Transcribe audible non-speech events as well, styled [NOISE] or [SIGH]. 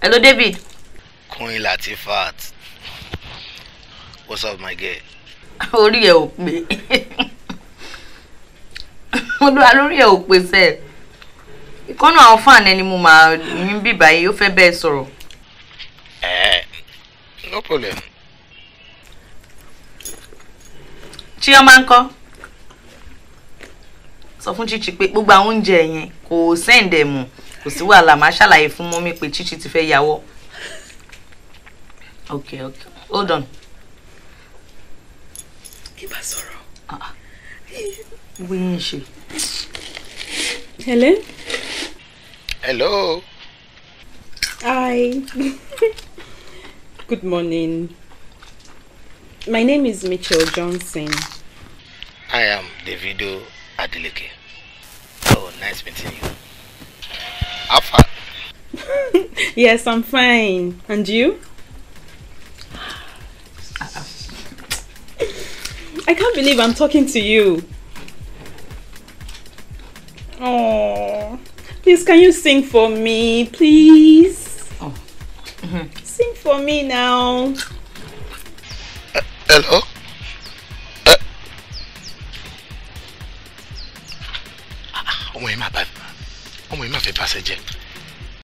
hello david. queen latifat what's up my girl. [LAUGHS] orí ẹ ò pé [LAUGHS] olúwa lórí ẹ ò pé sẹ ìkọ́nà àwọn fan ẹni mo máa ń bì báyìí ó fẹ́ bẹ́ẹ̀ sọ̀rọ̀. ẹ eh, no problem. chioma ń kọ́ sọ fún chichi pé gbogbo àwọn oúnjẹ yẹn kò sẹ́ǹdẹ̀ kò sí wàhálà máa ṣàlàyé fún mọ́mí pé Chichi ti fẹ́ yàwọ́ ok ok hold on. ibà sọ̀rọ̀. Ah, ah. wíyìn ṣe. hello. hello. hi. good morning. My name is Mitchell Johnson. I am Davido Adeleke. Oh, nice meeting you. I'm fine. [LAUGHS] yes, I'm fine. And you? I can't believe I'm talking to you. Oh, please, can you sing for me, please? Oh. Mm-hmm. Sing for me now. Uh, hello? Uh. Ah, ah, where am I? Comment oh, il m'a fait passer, Dieu